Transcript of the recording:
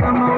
Come on.